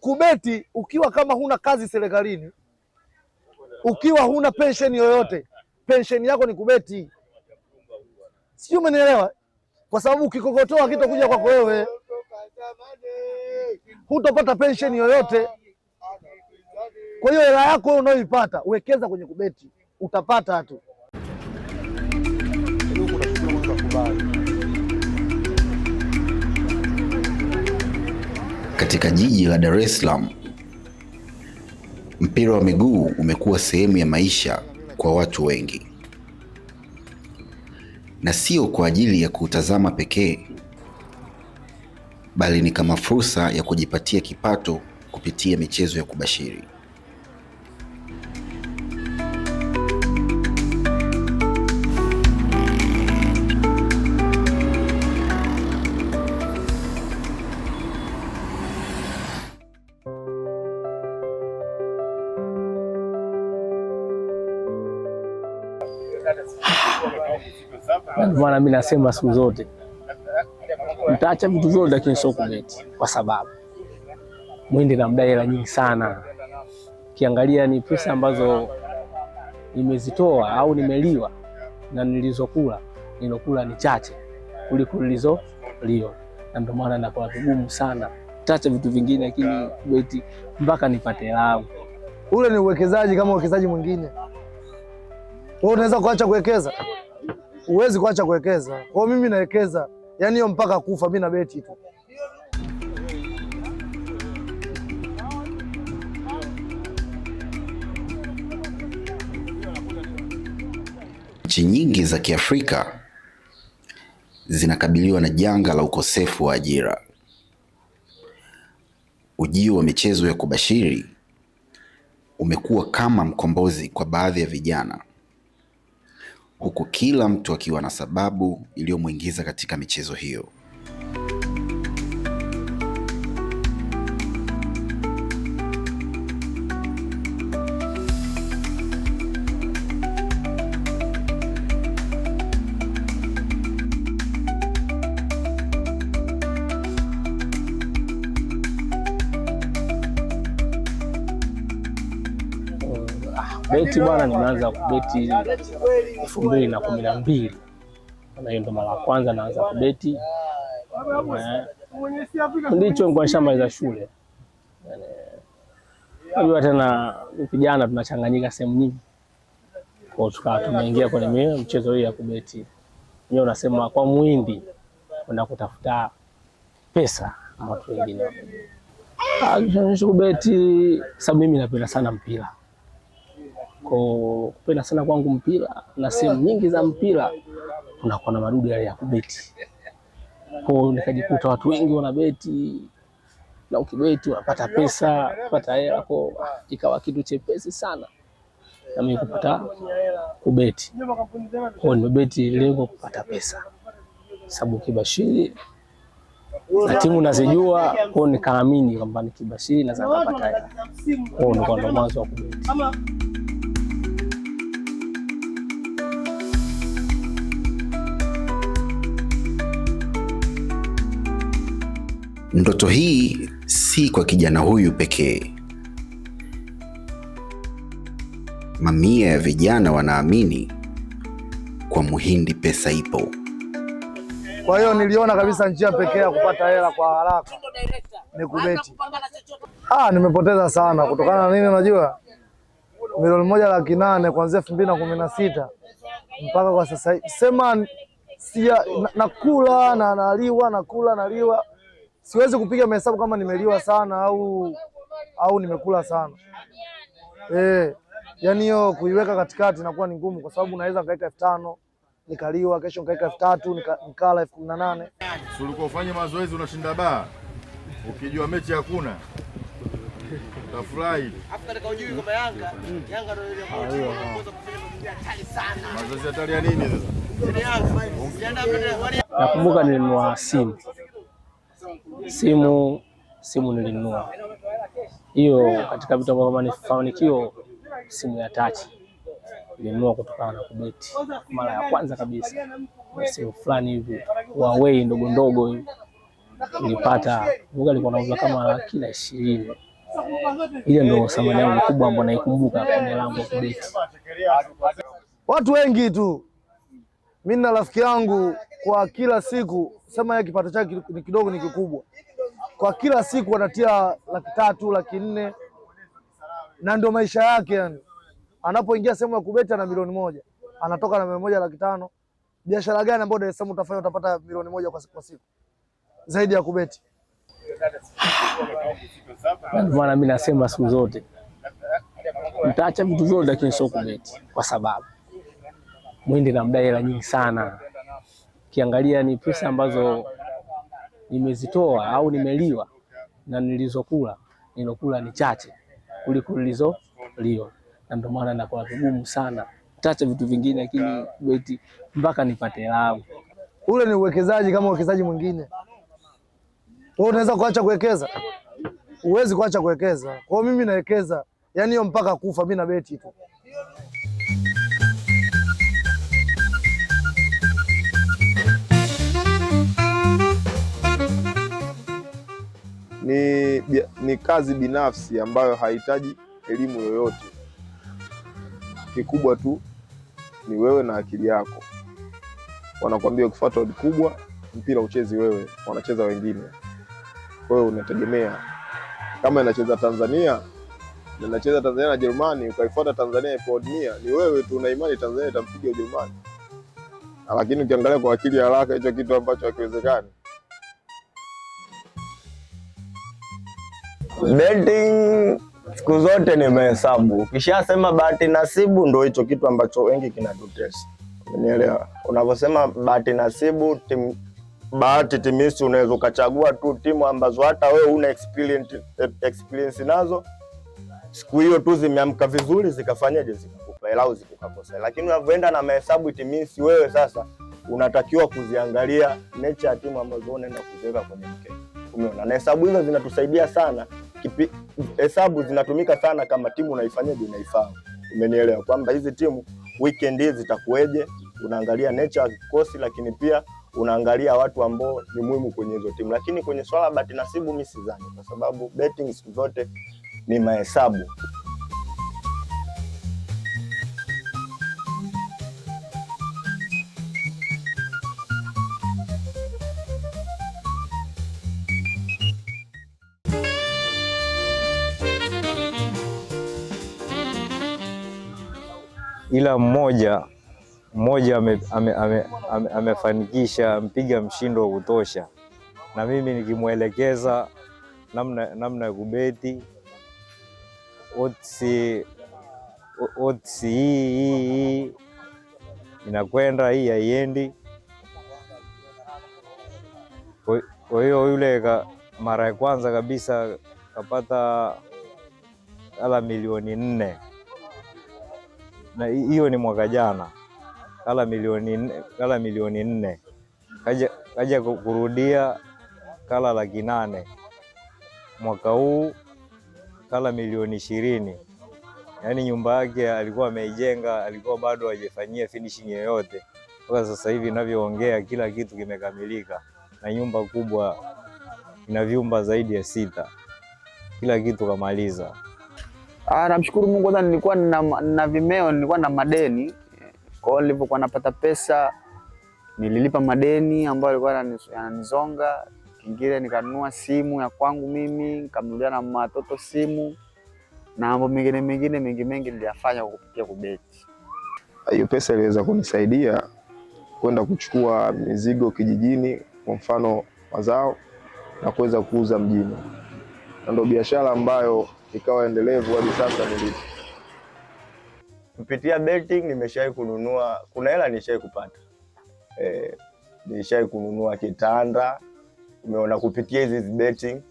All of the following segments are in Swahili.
kubeti ukiwa kama huna kazi serikalini, ukiwa huna pensheni yoyote, pensheni yako ni kubeti. Sijui umenielewa, kwa sababu ukikokotoa kitakuja kwako wewe, hutopata pensheni yoyote. Kwa hiyo hela yako unayoipata wekeza kwenye kubeti, utapata tu Katika jiji la Dar es Salaam, mpira wa miguu umekuwa sehemu ya maisha kwa watu wengi, na sio kwa ajili ya kuutazama pekee, bali ni kama fursa ya kujipatia kipato kupitia michezo ya kubashiri. Ndio maana mimi nasema siku zote mtaacha vitu vyote, lakini sio kubeti, kwa sababu mwindi na mdai hela nyingi sana. Kiangalia ni pesa ambazo nimezitoa au nimeliwa na nilizokula, nilokula ni chache kuliko lio, na ndio maana nakuwa vigumu sana tacha vitu vingine, lakini beti mpaka nipate lao. Ule ni uwekezaji kama uwekezaji mwingine, wewe unaweza kuacha kuwekeza huwezi kuacha kuwekeza. Kwa mimi nawekeza, yani hiyo mpaka kufa, mimi na beti tu. Nchi nyingi za Kiafrika zinakabiliwa na janga la ukosefu wa ajira. Ujio wa michezo ya kubashiri umekuwa kama mkombozi kwa baadhi ya vijana huku kila mtu akiwa na sababu iliyomwingiza katika michezo hiyo. kubeti bwana, nimeanza kubeti elfu mbili na kumi na mbili na hiyo ndo mara ya kwanza naanza kubeti. Eh, ndicho nikuwa nishamaliza shule. Najua tena vijana tunachanganyika sehemu nyingi, kwa tukawa tumeingia kwenye mchezo hii ya kubeti. Nyewe unasema kwa mwindi kwenda kutafuta pesa na watu wengine ah, kubeti, sababu mimi napenda sana mpira ko kupenda sana kwangu mpira na sehemu nyingi za mpira tunakuwa na madudu yale ya kubeti, kwa nikajikuta watu wengi wanabeti na ukibeti unapata pesa, unapata hela, kwa ikawa kitu chepesi sana na mimi kupata kubeti. Kwa nimebeti lengo kupata pesa, sababu kibashiri na timu nazijua, kwa nikaamini kwamba nikibashiri naweza kupata hela, hiyo ndo mwanzo wa kubeti. Ndoto hii si kwa kijana huyu pekee. Mamia ya vijana wanaamini kwa Muhindi pesa ipo. Kwa hiyo niliona kabisa njia pekee ya kupata hela kwa haraka ni kubeti. Ah, nimepoteza sana kutokana na nini? Unajua, milioni moja laki nane kuanzia elfu mbili na kumi na sita mpaka kwa sasa sema sema nakula na naliwa, nakula naliwa siwezi kupiga mahesabu kama nimeliwa sana au au nimekula sana eh, yani hiyo kuiweka katikati inakuwa ni ngumu, kwa sababu naweza nikaweka elfu tano nikaliwa, kesho nikaweka elfu tatu nikala elfu kumi na nane Ulikuwa ufanye mazoezi unashinda baa, ukijua mechi hakuna utafurahi. Mazoezi hatari ya nini? Nakumbuka nilinunua simu simu simu nilinunua hiyo, katika vitu ambavyo kama nifanikio, simu ya tachi nilinunua kutokana na kubeti mara ya kwanza kabisa, simu fulani hivi Huawei ndogo ndogo hivi nilipata, uga alikuwa anauza kama kila ishirini. Ile ndio thamani yangu kubwa ambayo naikumbuka kwenye lango kubeti. Watu wengi tu mimi na rafiki yangu kwa kila siku sema, ya kipato chake ni kidogo, ni kikubwa kwa kila siku anatia laki tatu laki nne na ndio maisha yake yani. Anapoingia sehemu ya kubeti ana milioni moja, anatoka na milioni moja laki tano. Biashara gani ambayo Dar es Salaam utafanya utapata milioni moja kwa siku, siku zaidi ya kubeti? Maana mimi nasema siku zote mtaacha vitu vyote, lakini sio kubeti, kwa sababu mwindi na mdai hela nyingi sana. Kiangalia ni pesa ambazo nimezitoa au nimeliwa na nilizokula nilokula ni chache kuliko nilizoliwa, na ndio maana nakuwa vigumu sana tacha vitu vingine, lakini beti mpaka nipate lao. Ule ni uwekezaji kama uwekezaji mwingine. Wewe unaweza kuacha kuwekeza? Huwezi kuacha kuwekeza. Kwa hiyo mimi nawekeza, yaani hiyo mpaka kufa, mimi na beti tu. ni, ni kazi binafsi ambayo hahitaji elimu yoyote. Kikubwa tu ni wewe na akili yako. Wanakuambia ukifuata odi kubwa mpira uchezi wewe, wanacheza wengine. Kwa hiyo unategemea kama inacheza Tanzania inacheza Tanzania na Jerumani, ukaifuata Tanzania ipo mia, ni wewe tu una imani Tanzania itampiga Ujerumani, lakini ukiangalia kwa akili ya haraka, hicho kitu ambacho hakiwezekani. Betting siku zote ni mahesabu Ukishasema bahati nasibu, ndo hicho kitu ambacho wengi kinatutesa. Unielewa? Unavyosema bahati nasibu, tim, bahati timisi, unaweza ukachagua tu timu ambazo hata wewe una experience, experience nazo siku hiyo tu zimeamka vizuri zikafanyaje, zikakupa hela au Lakini unavyoenda na mahesabu timisi, wewe sasa unatakiwa kuziangalia mechi ya timu ambazo unaenda kuziweka kwenye mkeka. Umeona, na hesabu hizo zinatusaidia sana hesabu zinatumika sana kama timu unaifanyaje, unaifahamu. Umenielewa kwamba hizi timu weekend hizi zitakueje, unaangalia nature ya kikosi, lakini pia unaangalia watu ambao ni muhimu kwenye hizo timu. Lakini kwenye swala bahati nasibu, mimi sidhani, kwa sababu betting siku zote ni mahesabu. ila mmoja mmoja amefanikisha, mpiga mshindo wa kutosha, na mimi nikimwelekeza namna namna ya kubeti otsi otsi, hii inakwenda hii haiendi. Kwa hiyo yule ka, mara ya kwanza kabisa kapata ala milioni nne na hiyo ni mwaka jana, kala milioni kala milioni nne, kaja kaja kurudia kala laki nane. Mwaka huu kala milioni ishirini. Yaani nyumba yake alikuwa ameijenga, alikuwa bado hajafanyia finishing yoyote. Mpaka sasa hivi ninavyoongea, kila kitu kimekamilika, na nyumba kubwa ina vyumba zaidi ya sita, kila kitu kamaliza. Ah, namshukuru Mungu kwanza, nilikuwa na, na Vimeo nilikuwa na madeni, kwa hiyo nilipokuwa napata pesa nililipa madeni ambayo alikuwa yananizonga. Kingine nikanunua simu ya kwangu mimi, nikamnulia na matoto simu na mambo mengine mengine mengi mengi niliyafanya kwa kupitia kubeti. Hiyo pesa iliweza kunisaidia kwenda kuchukua mizigo kijijini, kwa mfano mazao na kuweza kuuza mjini, na ndio biashara ambayo ikawa endelevu hadi sasa nilipo. Kupitia betting nimeshawahi kununua, kuna hela nishawahi kupata eh, nishawahi kununua kitanda, umeona, kupitia hizi betting,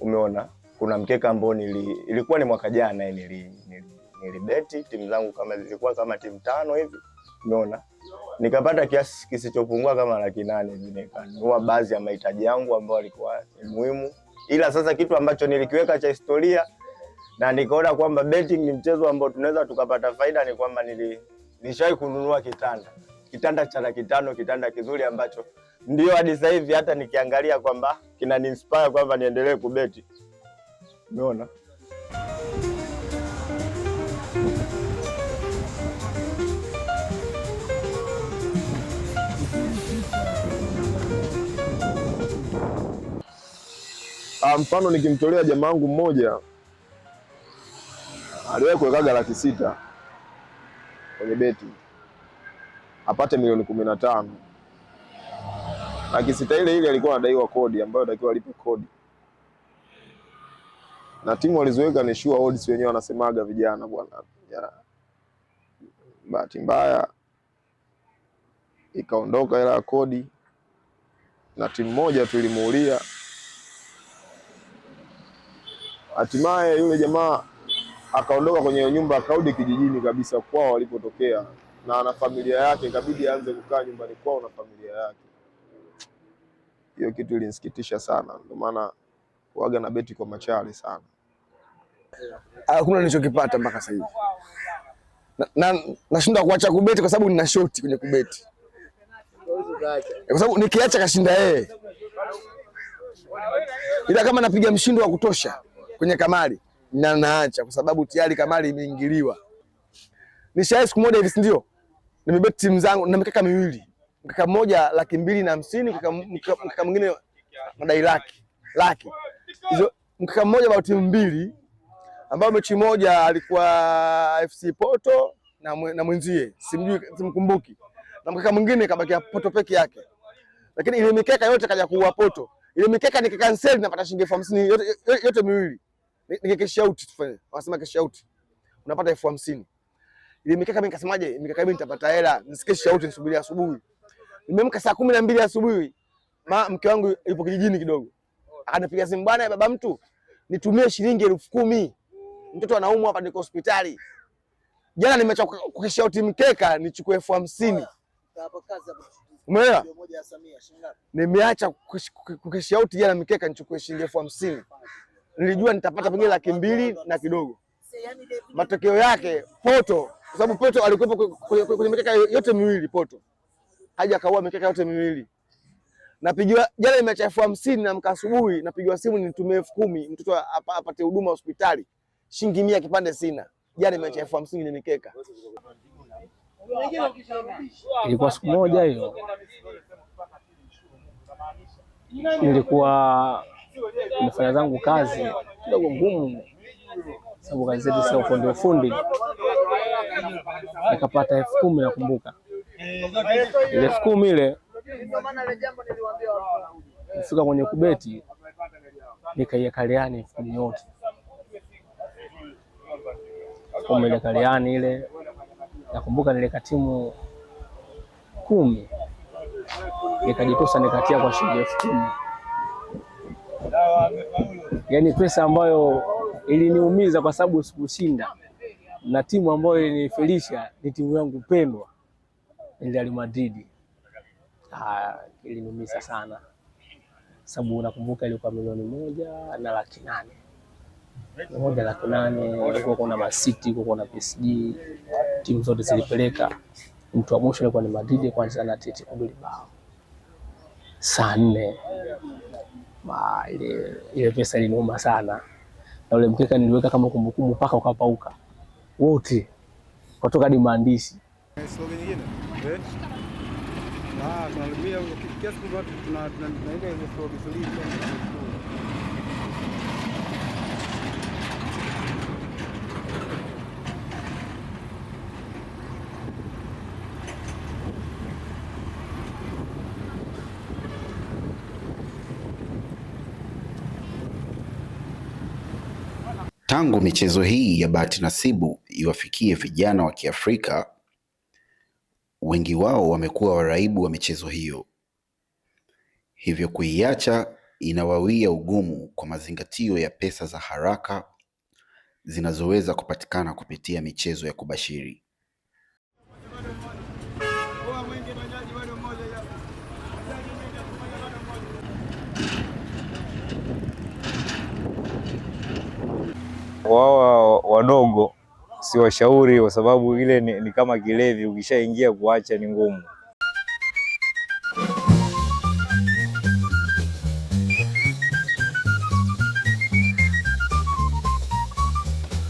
umeona. Kuna mkeka ambao nili, ilikuwa ni mwaka jana eh, nili, nili, nili beti timu zangu kama zilikuwa kama timu tano hivi, umeona nikapata kiasi kisichopungua kama laki nane hivi, nikanunua baadhi ya mahitaji yangu ambayo alikuwa muhimu, ila sasa kitu ambacho nilikiweka cha historia na nikaona kwamba betting ni mchezo ambao tunaweza tukapata faida. Ni kwamba nilishawahi kununua kitanda kitanda cha laki tano, kitanda kizuri ambacho ndio hadi sasa hivi hata nikiangalia kwamba kinaniinspire kwamba niendelee kubeti. Umeona? Ah, mfano nikimtolea jamaa wangu mmoja aliwahi kuwekaga laki sita kwenye beti apate milioni kumi na tano. Laki sita ile ile alikuwa anadaiwa kodi ambayo atakiwa alipe kodi, na timu alizoweka ni sure odds, wenyewe wanasemaga vijana bwana. Bahati mbaya ikaondoka hela ya kodi, na timu moja tu ilimuulia, hatimaye yule jamaa akaondoka kwenye nyumba akarudi kijijini kabisa kwao walipotokea, na ana familia yake, ikabidi aanze kukaa nyumbani kwao na familia yake. Hiyo kitu ilinisikitisha sana, ndio maana waga na beti kwa machale sana. Ah, hakuna nilichokipata mpaka sasa hivi, na nashinda na kuacha kubeti kwa sababu nina shoti kwenye kubeti, kwa sababu nikiacha kashinda yeye, ila kama napiga mshindo wa kutosha kwenye kamari na naacha kwa sababu tayari kamari imeingiliwa. Nishawahi siku moja hivi, si ndio, Nimebeti timu zangu na mikaka miwili, mkaka mmoja laki mbili na hamsini, mkaka mwingine madai laki laki. Hizo mkaka mmoja wa timu mbili, ambao mechi moja alikuwa FC Porto na mwenzie simjui, simkumbuki, na mkaka mwingine kabakia Porto peke yake, lakini ile mikeka yote kaja kuwa Porto. Ile mikeka nikikanseli napata shilingi elfu hamsini yote, yote miwili nige unapata elfu hamsini. Ile mikaka mimi nikasemaje, mikaka mimi nitapata hela nisike cash nisubiri asubuhi. Nimeamka saa kumi na mbili asubuhi, ma mke wangu yupo kijijini kidogo, akanipiga simu, bwana baba mtu nitumie shilingi elfu kumi mtoto anaumwa hapa, niko hospitali jana, nimeacha cash mkeka nichukue elfu hamsini. Umeelewa? Nimeacha cash jana mkeka nichukue shilingi elfu hamsini nilijua nitapata pengine laki mbili na kidogo. Matokeo yake Poto, kwa sababu Poto alikuwepo kwenye mikeka yote miwili, Poto haja kaua mikeka yote miwili. Napigiwa jana nimeacha elfu hamsini na asubuhi napigiwa simu nitumie elfu kumi mtoto apate huduma hospitali, shilingi mia kipande sina. Jana nimeacha elfu hamsini ni mikeka. Ilikuwa siku moja hiyo, ilikuwa nimefanya zangu kazi kidogo ngumu, sababu kazi zetu sio fundi ufundi. Nikapata elfu kumi nakumbuka ile elfu kumi ile kufika kwenye kubeti nikaiekaliani elfu kumi yote ile kaliani ile nakumbuka, nile katimu kumi nikajitosa nikatia kwa shilingi elfu kumi yani pesa ambayo iliniumiza kwa sababu sikushinda, na timu ambayo ilinifelisha ni timu yangu pendwa Real Madrid. Ah, iliniumiza sana sababu nakumbuka ilikuwa milioni moja na laki nane moja laki nane ilikuwa kuna Man City, kuna PSG, timu zote zilipeleka. Mtu wa mwisho alikuwa ni Madrid, kwanza na Atletico Bilbao saa nne ile, ile pesa iliniuma sana, na ule mkeka niliweka kama kumbukumbu mpaka ukapauka wote, kutoka ni maandishi tangu michezo hii ya bahati nasibu iwafikie vijana wa Kiafrika, wengi wao wamekuwa waraibu wa michezo hiyo, hivyo kuiacha inawawia ugumu kwa mazingatio ya pesa za haraka zinazoweza kupatikana kupitia michezo ya kubashiri. wawa wadogo siwashauri, kwa sababu ile ni, ni kama kilevi, ukishaingia kuacha ni ngumu.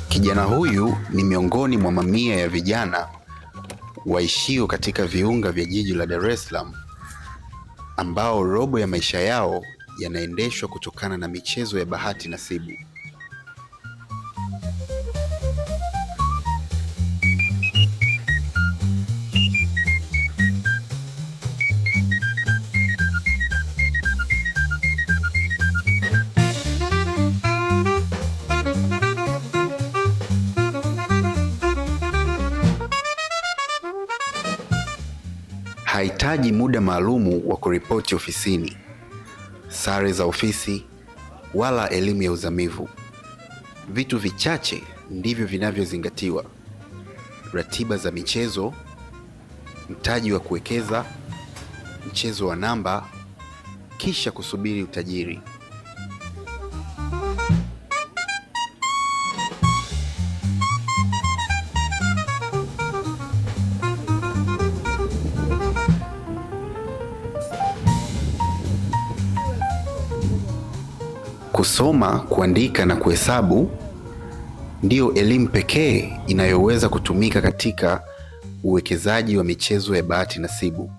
Kijana huyu ni miongoni mwa mamia ya vijana waishio katika viunga vya jiji la Dar es Salaam ambao robo ya maisha yao yanaendeshwa kutokana na michezo ya bahati nasibu. muda maalumu wa kuripoti ofisini, sare za ofisi, wala elimu ya uzamivu. Vitu vichache ndivyo vinavyozingatiwa: ratiba za michezo, mtaji wa kuwekeza, mchezo wa namba, kisha kusubiri utajiri. Kusoma, kuandika na kuhesabu ndiyo elimu pekee inayoweza kutumika katika uwekezaji wa michezo ya bahati nasibu.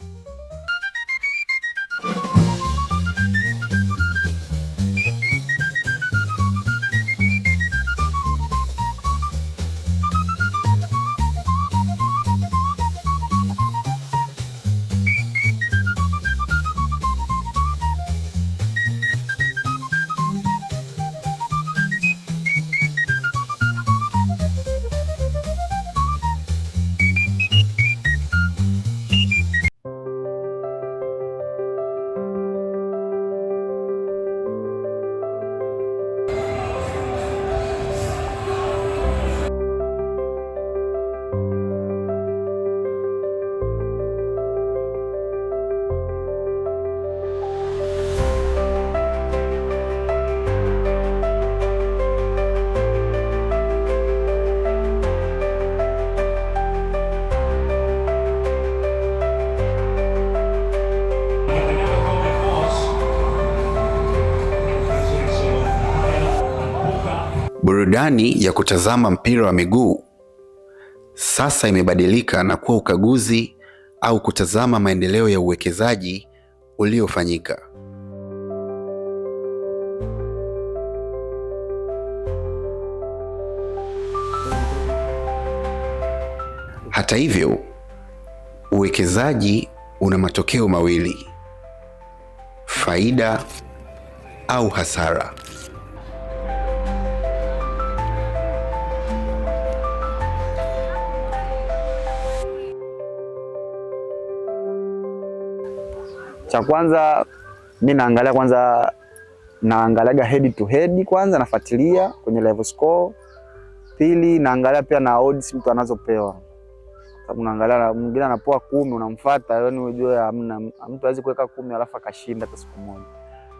burudani ya kutazama mpira wa miguu sasa imebadilika na kuwa ukaguzi au kutazama maendeleo ya uwekezaji uliofanyika. Hata hivyo, uwekezaji una matokeo mawili: faida au hasara. Cha kwanza mi naangalia kwanza, naangaliaga head to head kwanza, nafuatilia kwenye level score. Pili naangalia pia na odds mtu anazopewa, sababu naangalia mwingine anapoa kumi, unamfuata yani unajua hamna mtu hawezi kuweka kumi alafu akashinda hata siku moja.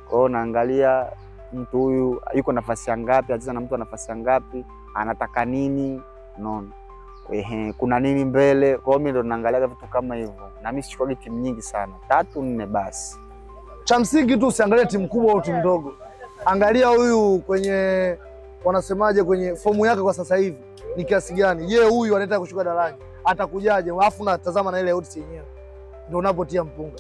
Kwa hiyo naangalia mtu huyu yuko nafasi ngapi, anacheza na mtu nafasi ngapi, anataka nini, unaona ehe, kuna nini mbele. Kwa mimi ndo naangalia vitu kama hivyo, na mimi sichukwagi timu nyingi sana, tatu nne basi. Cha msingi tu usiangalie timu kubwa au timu ndogo, angalia huyu kwenye wanasemaje, kwenye fomu yake kwa sasa hivi ni kiasi gani. Je, huyu anataka kushuka daraja atakujaje? Alafu na tazama na ile odds yenyewe, ndio unapotia mpunga.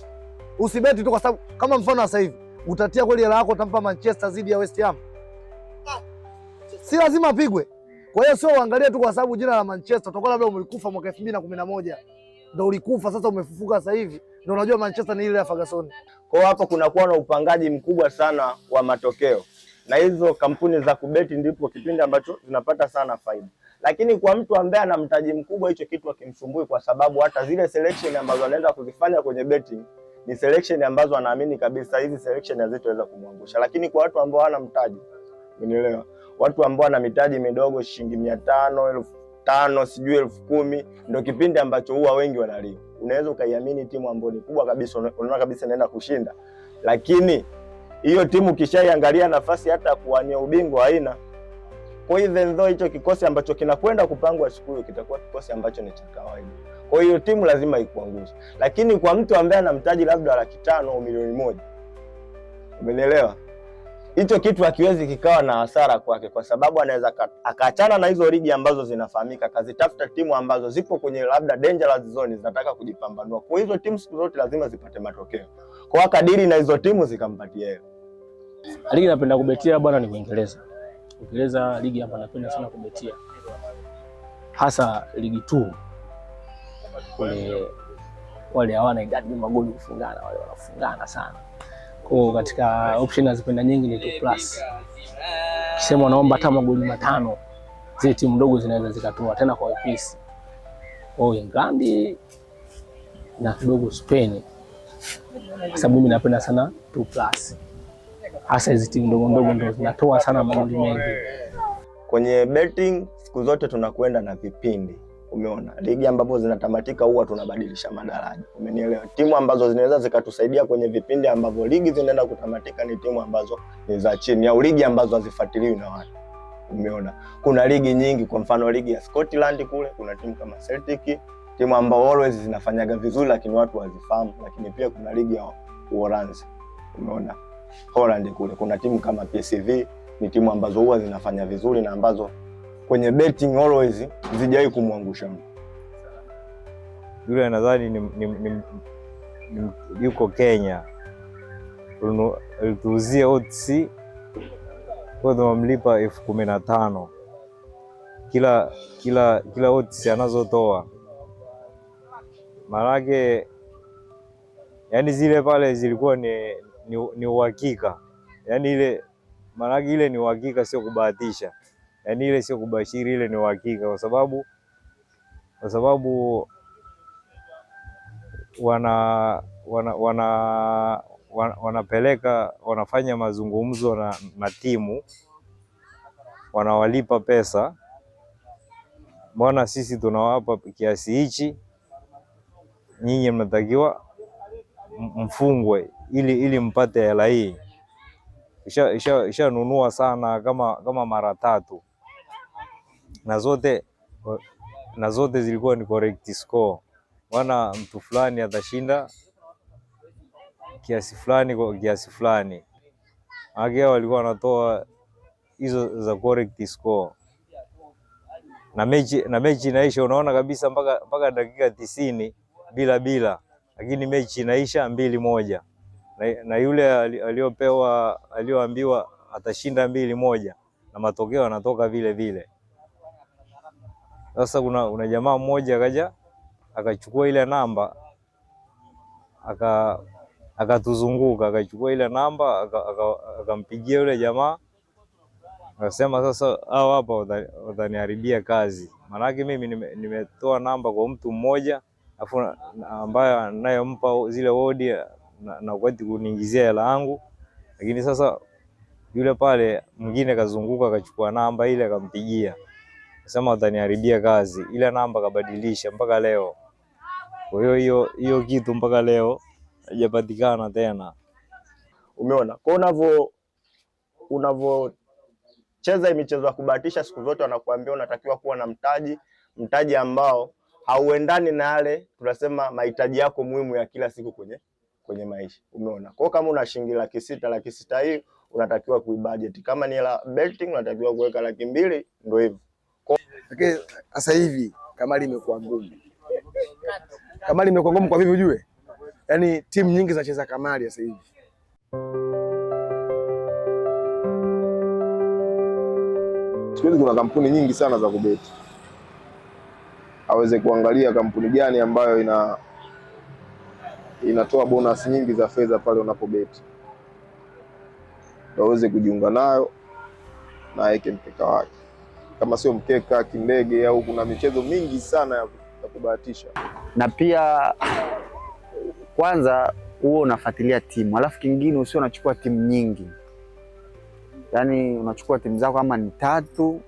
Usibeti tu kwa sababu kama mfano sasa hivi utatia kweli hela yako utampa Manchester zidi ya West Ham, si lazima apigwe kwa hiyo sio uangalie tu kwa sababu jina la Manchester utakuwa labda umekufa mwaka 2011. Ndio ulikufa sasa umefufuka sasa hivi. Ndio unajua Manchester ni ile ya Ferguson. Kwa hiyo hapa kunakuwa na upangaji mkubwa sana wa matokeo. Na hizo kampuni za kubeti ndipo kipindi ambacho zinapata sana faida. Lakini kwa mtu ambaye ana mtaji mkubwa hicho kitu akimsumbui kwa sababu hata zile selection ambazo anaenda kuzifanya kwenye betting ni selection ambazo anaamini kabisa hizi selection hazitoweza kumwangusha. Lakini kwa watu ambao hawana mtaji, unielewa? watu ambao wana mitaji midogo, shilingi mia tano, elfu tano, sijui elfu kumi, ndio kipindi ambacho huwa wengi wanalia. Unaweza ukaiamini timu ambayo ni kubwa kabisa, unaona kabisa inaenda kushinda, lakini hiyo timu ukishaiangalia nafasi hata ya kuwania ubingwa haina. Kwa hiyo even though hicho kikosi ambacho kinakwenda kupangwa siku hiyo kitakuwa kikosi ambacho ni cha kawaida, kwa hiyo timu lazima ikuanguze. Lakini kwa mtu ambaye ana mtaji labda laki tano au milioni moja, umenielewa? hicho kitu hakiwezi kikawa na hasara kwake, kwa sababu anaweza akaachana na hizo ligi ambazo zinafahamika, akazitafuta timu ambazo zipo kwenye labda dangerous zone, zinataka kujipambanua. Kwa hizo timu siku zote lazima zipate matokeo, kwa akadiri na hizo timu zikampatia yeye. Ligi napenda kubetia bwana ni Uingereza. Uingereza ligi hapa napenda sana kubetia, hasa ligi tu kule, wale hawana idadi ya magoli kufungana, wale wanafungana sana kwa katika option nazipenda nyingi ni 2 plus. Kisema naomba hata magoli matano zile timu ndogo zinaweza zikatoa tena kwa wepesi. Kwa England na kidogo Spain. Kwa sababu mimi napenda sana 2 plus. Hasa hizi timu ndogo ndogo ndio zinatoa sana magoli mengi. Kwenye betting siku zote tunakwenda na vipindi. Umeona, ligi ambapo zinatamatika huwa tunabadilisha madaraja, umenielewa? Timu ambazo zinaweza zikatusaidia kwenye vipindi ambavyo ligi zinaenda kutamatika ni timu ambazo ni za chini au ligi ambazo hazifuatiliwi na watu. Umeona, kuna ligi nyingi, kwa mfano ligi ya Scotland kule kuna timu kama Celtic, timu ambao always zinafanyaga vizuri, lakini watu hawazifahamu. Lakini pia kuna ligi ya Uholanzi, umeona, Holland kule kuna timu kama PSV, ni timu ambazo huwa zinafanya vizuri na ambazo kwenye betting always zijawai kumwangusha mtu yule. Nadhani ni, ni, ni, ni, yuko Kenya, alituuzia odds amlipa elfu kumi na tano kila kila kila odds anazotoa marake, yani zile pale zilikuwa ni, ni, ni uhakika yani ile marake ile ni uhakika, sio kubahatisha yani ile sio kubashiri, ile ni uhakika, kwa sababu kwa sababu wana wana wana wanapeleka wanafanya mazungumzo na, na timu wanawalipa pesa. Mbona sisi tunawapa kiasi hichi, nyinyi mnatakiwa mfungwe ili ili mpate hela hii. Ishanunua sana kama, kama mara tatu na zote na zote zilikuwa ni correct score, maana mtu fulani atashinda kiasi fulani kwa kiasi fulani, ake walikuwa wanatoa hizo za correct score na mechi na mechi inaisha, unaona kabisa mpaka mpaka dakika tisini bila bila, lakini mechi inaisha mbili moja na, na yule aliyopewa aliyoambiwa atashinda mbili moja na matokeo yanatoka vile vile. Sasa kuna, kuna jamaa mmoja akaja akachukua ile namba aka akatuzunguka akachukua ile namba akampigia yule jamaa akasema, sasa hao hapa wataniharibia kazi, maanake mimi nimetoa nime namba kwa mtu mmoja afu ambaye nayempa zile wodi na, kwati kuniingizia hela yangu, lakini sasa yule pale mwingine kazunguka akachukua namba ile akampigia sema utaniaribia kazi, ila namba kabadilisha mpaka leo. Kwa hiyo hiyo hiyo kitu mpaka leo haijapatikana tena. Umeona, kwa unavyo unavyocheza michezo ya kubahatisha siku zote wanakuambia unatakiwa kuwa na mtaji, mtaji ambao hauendani na yale tunasema mahitaji yako muhimu ya kila siku kwenye kwenye maisha. Umeona, kwa kama una shilingi laki sita, laki sita hii unatakiwa kuibudget. Kama ni la betting unatakiwa kuweka laki mbili, ndio hivyo. Lakini sasa hivi kamari imekuwa ngumu. Kamari imekuwa ngumu kwa vipi ujue? Yaani timu nyingi zinacheza kamari sasa hivi. Siku hizi kuna kampuni nyingi sana za kubeti, aweze kuangalia kampuni gani ambayo ina inatoa bonus nyingi za fedha pale unapobeti, aweze kujiunga nayo na aweke mpeka wake kama sio mkeka, kindege au kuna michezo mingi sana ya kubahatisha. Na pia kwanza huo unafuatilia timu, alafu kingine usio unachukua timu nyingi, yaani unachukua timu zako kama ni tatu,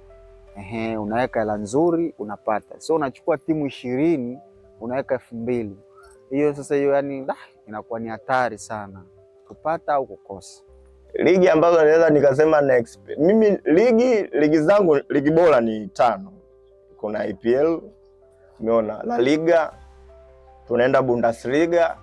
ehe, unaweka hela nzuri unapata, sio unachukua timu ishirini unaweka elfu mbili hiyo sasa hiyo, yani inakuwa ni hatari sana kupata au kukosa ligi ambazo naweza nikasema na Mimi ligi ligi zangu ligi bora ni tano. Kuna IPL umeona La Liga, tunaenda Bundesliga,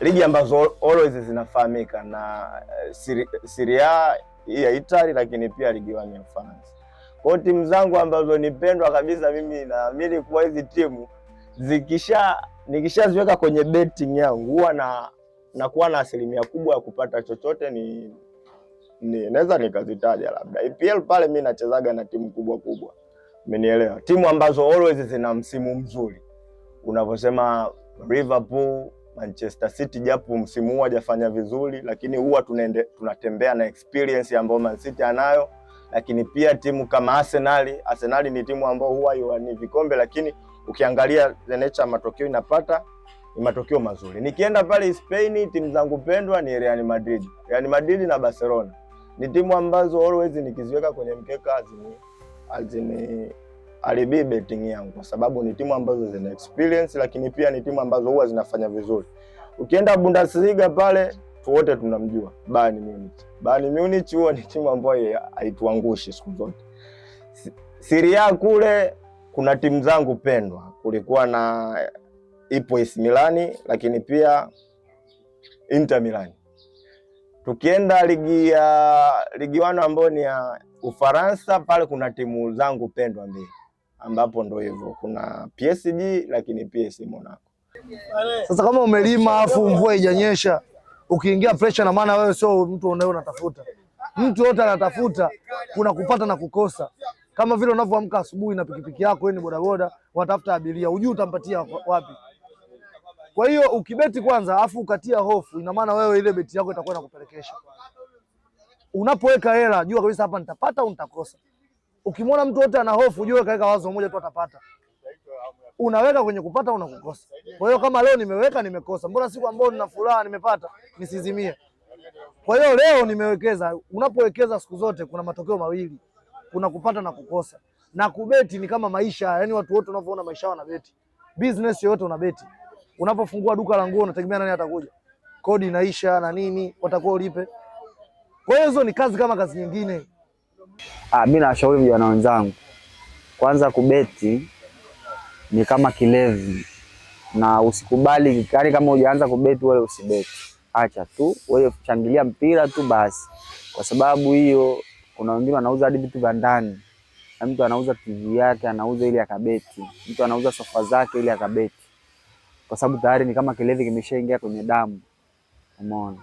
ligi ambazo always zinafahamika na eh, Serie A ya Itali, lakini pia ligi ya France. Kwa timu zangu ambazo nipendwa kabisa, mimi naamini kuwa hizi timu zikisha nikishaziweka kwenye betting yangu huwa na nakuwa na asilimia kubwa ya kupata chochote ni, ni naweza nikazitaja labda EPL pale mi nachezaga na timu kubwa kubwa, umenielewa, timu ambazo always zina msimu mzuri unavyosema Liverpool, Manchester City japo msimu huu hajafanya vizuri, lakini huwa tunaende, tunatembea na experience ambayo Man City anayo, lakini pia timu kama Arsenal, Arsenal ni timu ambayo huwa ni vikombe, lakini ukiangalia the nature matokeo inapata ni matokeo mazuri. Nikienda pale Spain, timu zangu pendwa ni Real Madrid. Real Madrid na Barcelona ni timu ambazo always nikiziweka kwenye mkeka azini azini alibi betting yangu, kwa sababu ni timu ambazo zina experience, lakini pia ni timu ambazo huwa zinafanya vizuri. Ukienda Bundesliga pale wote tunamjua Bayern Munich. Bayern Munich huwa ni timu ambayo haituangushi siku zote. Siria kule kuna timu zangu pendwa, kulikuwa na ipo AC Milan, lakini pia Inter Milan. Tukienda ligi ya ligi wano ambayo ni ya Ufaransa, pale kuna timu zangu pendwa mbili, ambapo ndo hivyo kuna PSG lakini AC Monaco. Sasa kama umelima afu mvua haijanyesha, ukiingia pressure, na maana wewe sio mtu unaye unatafuta mtu yote anatafuta, kuna kupata na kukosa, kama vile unavyoamka asubuhi na pikipiki yako, ni bodaboda, watafuta abiria, hujui utampatia wapi. Kwa hiyo ukibeti kwanza afu ukatia hofu, ina maana wewe ile beti yako itakuwa inakupelekesha. Unapoweka hela, jua kabisa hapa nitapata au nitakosa. Ukimwona mtu wote ana hofu, jua kaweka wazo moja tu, atapata. Unaweka kwenye kupata au unakukosa. Kwa hiyo kama leo nimeweka nimekosa, mbona siku ambayo nina furaha nimepata nisizimie? Kwa hiyo leo nimewekeza. Unapowekeza siku zote kuna matokeo mawili, kuna kupata na kukosa. Na kubeti ni kama maisha, yani watu wote wanavyoona maisha wanabeti. Business yoyote unabeti. Unapofungua duka la nguo unategemea nani atakuja? Kodi inaisha na nini, watakuwa ulipe. Kwa hiyo hizo ni kazi kama kazi nyingine. Ah, mimi nawashauri vijana wenzangu, kwanza kubeti ni kama kilevi, na usikubali. Yaani kama hujaanza kubeti wewe usibeti, acha tu wewe, changilia mpira tu basi, kwa sababu hiyo kuna wengine wanauza hadi vitu vya ndani, na mtu anauza TV yake, anauza ili akabeti, mtu anauza sofa zake ili akabeti kwa sababu tayari ni kama kilevi kimeshaingia kwenye damu, umeona.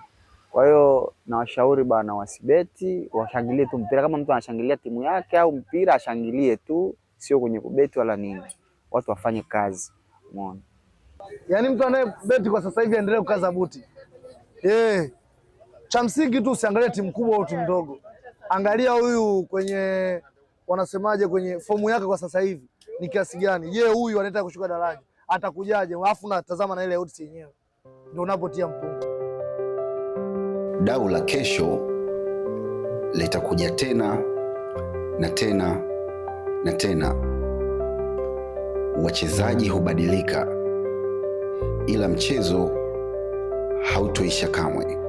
Kwa hiyo nawashauri bana, wasibeti, washangilie tu mpira. Kama mtu anashangilia timu yake au mpira, ashangilie tu, sio kwenye kubeti wala nini. Watu wafanye kazi, umeona. Yaani mtu anayebeti kwa sasa hivi aendelee kukaza buti eh. Cha msingi tu usiangalie timu kubwa au timu ndogo, angalia huyu kwenye wanasemaje, kwenye fomu yake kwa sasa hivi ni kiasi gani. Je, huyu anataka kushuka daraja? atakujaje, alafu natazama na ile odds yenyewe, ndio unapotia mpunga. Dau la kesho litakuja tena na tena na tena. Wachezaji hubadilika, ila mchezo hautoisha kamwe.